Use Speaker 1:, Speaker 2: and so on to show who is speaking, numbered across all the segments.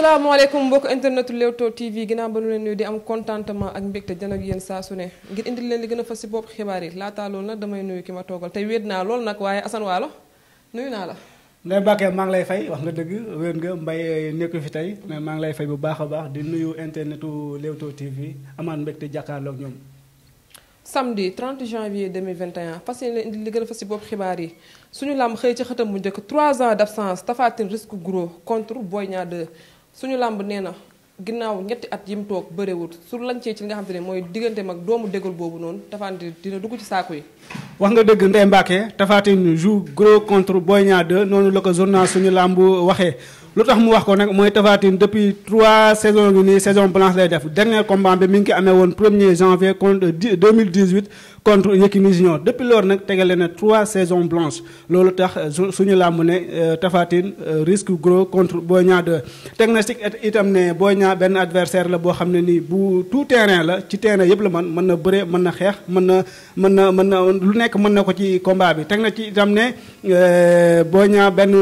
Speaker 1: salaamaaleykum mbokk internet Leewtoo TV ginnaaw ba nu leen nuyu di am contentement ak mbégte jan ak yéen saa su ne ngir indi leen li gën fas si bopp xibaar yi laataa loolu nag damay nuyu ki ma toogal tey wéet naa lool nag waaye Assane Waalo nuyu la.
Speaker 2: Ndeye Mbacke maa ngi lay fay wax nga dëgg wér nga mbay nekku fi tey mais maa ngi lay fay bu baax a baax di nuyu internetu Leewtoo TV amaan mbégte jàkkaarloo ak ñoom.
Speaker 1: samedi 30 janvier 2021 fas yéene indi li gën a fas ci bopp xibaar yi suñu làmb xëy ci xëtam bu njëkk 3 ans d' absence Tapha Tine risque gros contre Boy Niang 2 suñu làmb nee na ginnaaw ñetti at yim toog bëréwut su lancee ci li nga xam te ne mooy diggante mag doomu dégul boobu noonu tafaante dina dugg ci saako yi
Speaker 2: wax nga dëgg Ndeye Mbacke Tapha Tine joue contre Boy Niang 2 noonu la ko journal suñu làmb waxee lu tax mu wax ko nag mooy Tapha Tine depuis trois saisons ngi nii saison blanche lay def dernier combat bi mi ngi ko amee woon 1er janvier contre 2018 contre Yékini Junior depuis loolu nag tegale na trois saisons blanches loolu tax euh, suñu làmb ne euh, Tapha Tine euh, risque gros contre Boy Niang 2 technistique itam ne Boy Niang benn adversaire la boo xam ne nii bu tout terrain la ci terrain yëpp la man mën na bëre mën na xeex mën na mën na mën na lu nekk mën na ko ci combat bi teg na ci itam ne Boy Niang benn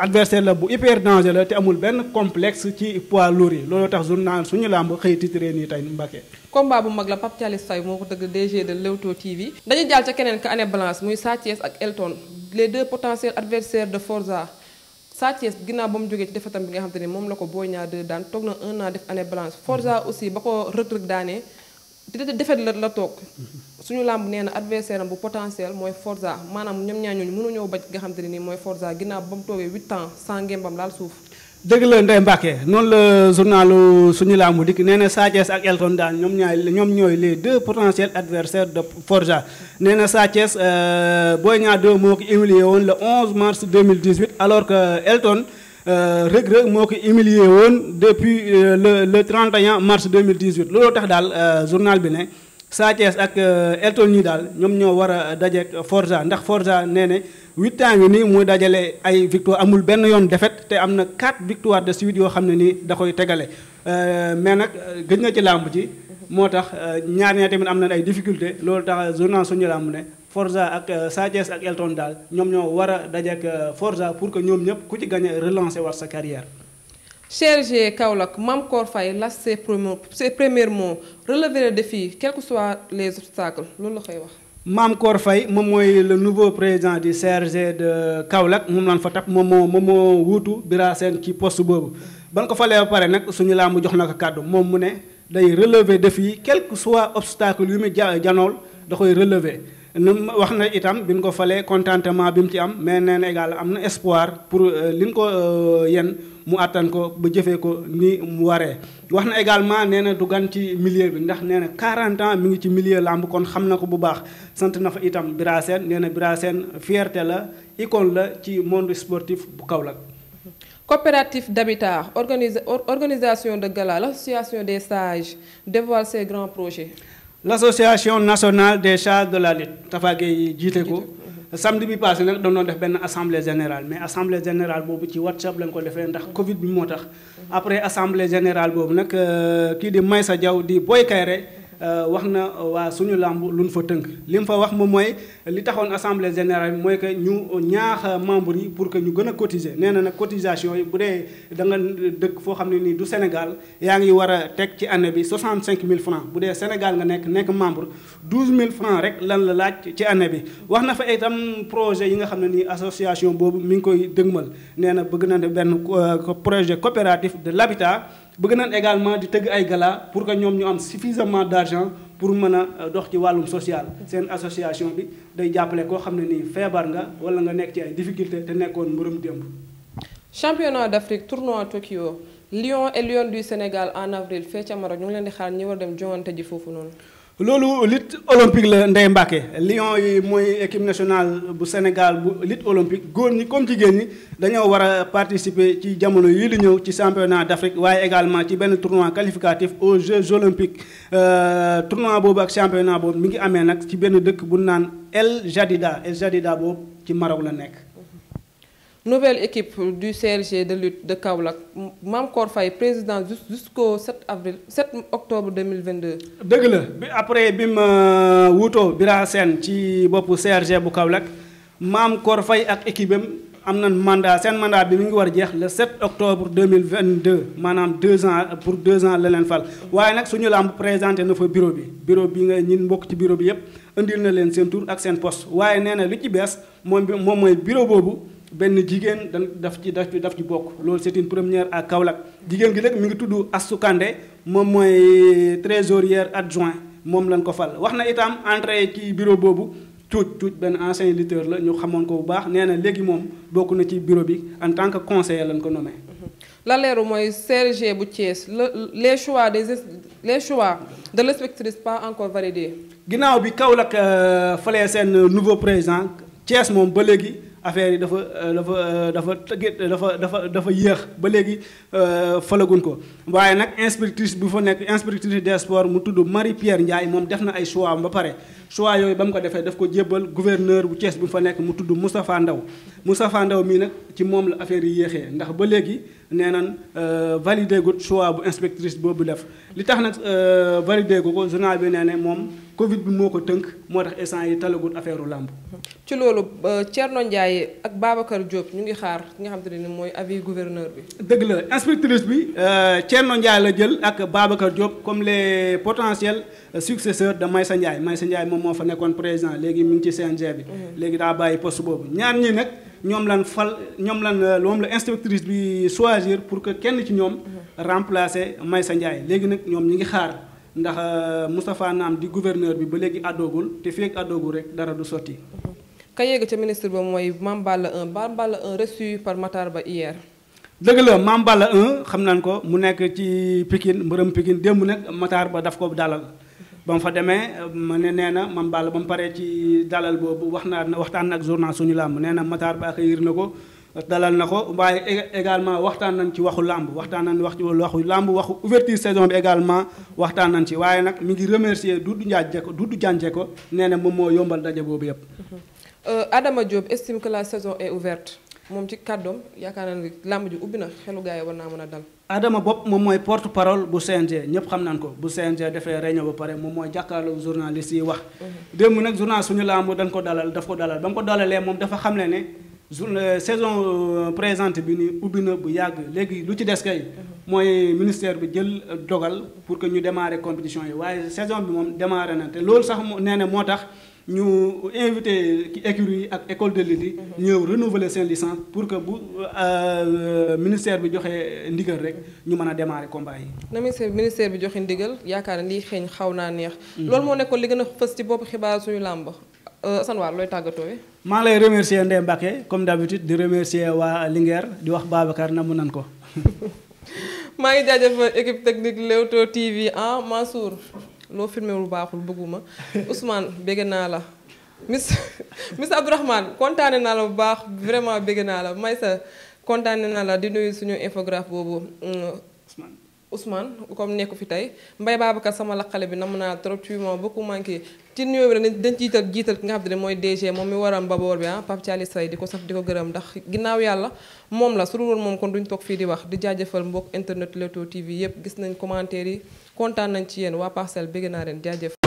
Speaker 2: adversaire la bu hyper danger la te amul benn complexe ci poids lourd yi loolu tax journal suñu làmb xëy titré nii tey Mbacké
Speaker 1: combat bu mag la Pape Thialis Faye moo ko tëgg DG de Leewtoo TV dañu jàll ca keneen ka année blanche muy Sa ak Elton les deux potentiels adversaires de Forza Sa Thiès ba mu jógee ci defetam bi nga xam te ne moom la ko Boy Niang 2 daan toog na un def année blanche Forza aussi ba ko Reug Reug daanee defet la la toog suñu làmb nee na adversaire am bu potentiel mooy Forza maanaam ñoom ñaa ñooñu mënuñoo baj nga xam te ne mooy Forza ginnaaw ba mu toogee dëgg la Ndeye
Speaker 2: Mbacke noonu la journalu suñu laamu dikk nee na Sa ak Elton daan ñoom ñaay ñoom ñooy les deux potentiels adversaires de Forza nee na Sa Thiès euh, Boy Niang 2 moo ko humilié woon le 11 mars 2018 alors que Elton euh, Reug Reug moo ko humilié woon depuis euh, le le 31 mars 2018 loo tax daal journal bi ne. Sa Thiès ak euh, Elton ñi daal ñoom ñoo war a dajeek Forza ndax Forza nee ne huit ans ngi nii muy dajale ay victoire amul benn yoon défaite te am na quatre victoire de suite yoo xam ne nii da koy tegale euh, mais nag euh, gëj na ci làmb ji moo tax ñaar ñaa tamit am na ay difficulté loolu tax journal suñu làmb ne Forza ak Sa ak Elton daal ñoom ñoo
Speaker 1: war a dajeek Forza pour que ñoom ñëpp ku ci gagné relancer war sa carrière CRG Kaolack Mame Cor Faye las ses premiers mots relever le défi quels que soient les obstacles loolu la koy wax.
Speaker 2: maam Cor fay moom mooy le nouveau président du CRG de Kaolack moom laan fa tap moom moo moom moo wuutu Bira Sène ci poste boobu ban ko falee ba pare nag suñu laa mu jox na ko kàddu moom mu ne day relever défi quel que soit obstacle yu muy ja janool da koy relever. nu wax na itam bi nu ko falee contentement bi mu ci am mais nee na am na espoir pour euh, li ñu ko euh, yenn mu àttan ko ba jëfee ko ni mu waree. wax na également nee na du gan ci milieu bi ndax nee na 40 ans mi ngi ci milieu làmb kon xam na ko bu baax sant na fa itam Bira Sène nee na Bira Sène la icône la ci monde sportif bu Kaolack.
Speaker 1: coopérative d'habitat organisa organisation de gala l'association des sages dévoile ses grands projet l'
Speaker 2: association nationale des charges de la lutte Tafa Gueye jiite ko samedi bi passé nag doon doon def benn assemblée générale mais assemblée générale boobu ci whatsapp lañ ko defee ndax Covid bi moo tax. après assemblée générale boobu nag euh, kii di may sa Diaw di Boy Kayre Euh, wax na euh, waa suñu làmb lu ñu fa tënk li mu fa wax moom mooy li taxoon assemblée générale mooy que ñu ñaax euh, membre yi pour que ñu gën a cotiser nee na nag cotisation yi bu dee da dëkk foo xam ne nii du Sénégal yaa ngi war a teg ci année bi cinq mille francs bu dee Sénégal nga nekk nekk membre mille francs rek lan la laaj ci année bi wax na fa itam projet yi nga xam ne nii association boobu mi ngi koy dëgmal nee na bëgg na ne benn projet coopératif de l'habitat bëgg naan également di tëgg ay gala pour que ñoom ñu am suffisamment d' argent pour mën a euh, dox ci wàllum social seen association bi day jàppale koo xam ne nii feebar nga wala nga nekk ci ay difficulté te nekkoon mbërëm démb
Speaker 1: championnat d' Afrique tournoi Tokyo Lions et Lions du Sénégal en avril fee ca Maroc ñu leen di xaar ñi war dem joŋante ji foofu noonu
Speaker 2: loolu lutte olympique la Ndeye Mbacke Lion yi mooy équipe nationale bu Sénégal bu lutte olympique góor ni comme jigéen ñi dañoo war a participer ci jamono yi di ñëw ci championnat d'Afrique waaye également ci benn tournoi qualificatif aux Jeux olympiques euh, tournoi boobu ak championnat boobu mi ngi amee nag ci benn dëkk bu naan El Jadida El Jadida boobu ci Maroc la
Speaker 1: nekk. nouvelle équipe du CLG de lutte de Kaolack Mamkor Faye président jusqu'au 7 avril 7 octobre 2022. dëgg la bi après
Speaker 2: bi ma euh, wuutoo Bira seen ci boppu CRG bu Kaolack Mamkor fay ak équipe am na nañ mandat seen mandat bi mu ngi war jeex le 7 octobre deux maanaam 2 ans pour 2 ans la leen fal waaye nag suñu làmb présenté na fa bureau bi bureau bi nga ñi mbokk ci bureau bi yépp indil na leen seen tour ak seen waaye nee na lu ci bees moom moom mooy bureau boobu. benn jigéen dañ daf ci daf ci daf ci bokk loolu c'est une première à Kaolack jigéen gi nag mu ngi tudd Astou Kandé moom mooy trésorière adjoint moom lañ ko fal wax na itam entrée ci bureau boobu cuuc cuuc benn ancien lutteur la ñu xamoon ko bu baax nee na léegi moom bokk na ci bureau bi en tant que conseiller lañ ko nommé. Mhm.
Speaker 1: la leeru mooy CRG bu Thiès les choix des les choix de l'inspectrice pas encore validés.
Speaker 2: ginnaaw bi Kaolack euh, falee seen nouveau président Thiès moom ba léegi. affaire yi dafa euh, dafa euh, dafa dafa dafa dafa yéex ba léegi euh, falagun ko waaye nag inspectrice bu fa nekk inspectrice des sports mu tudd Marie Pierre Ndiaye moom def na ay choix ba pare choix yooyu ba mu ko defee daf ko jébbal gouverneur bu Thiès bu fa nekk mu tudd Moustapha Ndaw Moustapha Ndaw mii nag ci moom la affaire yi yéexee ndax ba léegi nee nan validé gu choix bu inspectrice boobu def li tax nag validé gu ko journal bi nee ne moom
Speaker 1: Covid bi moo ko tënk moo tax instant yi talagut affaire làmb ci loolu Thierno Ndiaye ak Babacar Diop ñu ngi xaar ki nga xam te ne mooy avis gouverneur bi. dëgg la inspectrice bi
Speaker 2: euh, Thierno Ndiaye la jël ak Babacar Diop comme les potentiels euh, successeurs de Maysa Ndiaye sa Ndiaye moom moo fa nekkoon président léegi mu ngi ci CNG bi. Mhm. léegi daa bàyyi poste boobu ñaar ñi nag. ñoom lan fal ñoom lan euh, moom la inspectrice bi choisir pour que kenn ci ñoom. Mhm. remplacer Maysa Ndiaye léegi nag ñoom ñi ndax euh, Moustapha Naam di gouverneur bi ba léegi àddoogul te feeg àddoogul rek dara du sotti.
Speaker 1: ka yéeg ca ministre ba mooy Mame Balla 1 Mame Balla 1 par Matar Ba hier.
Speaker 2: dëgg la Mame Balla 1 xam nañ ko mu nekk ci Pikine mbërëm Pikine démb nag Matar Ba daf ko dalal. ba mu fa demee ma ne nee na Mame Balla ba mu paree ci dalal boobu wax naa waxtaan ak journal suñu làmb nee na Matar Ba xëyir na ko. dalal na ko waaye également waxtaan nañ ci waxu làmb waxtaan nañ wax ci waxu làmb waxu ouverture saison bi également waxtaan nañ ci waaye nag mu ngi remercier Doudou Ndiaye ko Doudou Diagne ko nee na moom moo yombal daje boobu yëpp.
Speaker 1: Euh, Adama Diop estime que la saison est ouverte moom ci kàddoom yaakaar naa ne làmb ji ubbi na xelu gars yi war naa mën a dal. Adama
Speaker 2: Bopp moom mooy porte parole bu CNG ñëpp xam nañ ko bu CNG defee réunion ba pare moom mooy jàkkaarloo journaliste yi wax. Mhm. démb nag journal suñu làmb dañ ko dalal daf ko dalal ba xam ne ne. journée euh, saison euh, présente bi ni ubbi na bu yàgg léegi lu ci des kay. mooy ministère bi jël euh, dogal pour que ñu démarrer compétition yi waaye saison bi moom démarré na te loolu sax nee na moo tax ñu invité ki écurie yi ak école de li yi. ñëw renouveler seen licence pour que bu ministère bi joxee ndigal rek ñu mën a démarrer combat yi.
Speaker 1: na ministère bi joxe ndigal yaakaar lii xeeñ xaw naa neex. Mm-hmm. loolu moo nekkoon li gën a fës ci bopp xibaar suñu làmb Euh, Assane War looy tàggatoo
Speaker 2: maa lay remercier Ndeye Mbacke comme d'habitude di remercier waa Linguère di wax Babacar na mu nan ko.
Speaker 1: maa ngi jaajëfal équipe technique Leewtoo TV ah Mansour loo filmé lu baaxul bëgguma Ousmane bégg naa la. Miss Miss Abdourahmane kontaane naa la bu baax vraiment bégg naa la Maysa kontaane naa la di nuyu suñu infographe boobu. Mm, Ousmane comme nekku fi tey Mbaye Babacar sama laqale bi namm naa trop ci moom beaucoup manqué ci nuyoo bi dañ jiital jiital ki nga xam ne mooy DG moom mi waram baboor bi ah Pape Thialy Seye di ko saf di ko gërëm ndax ginnaaw yàlla moom la su dul woon moom kon duñ toog fii di wax di jaajëfal mbokk internet Leewtoo TV yépp gis nañ commentaire yi kontaan nañ ci yéen waa parcelle bëgg naa leen jaajëf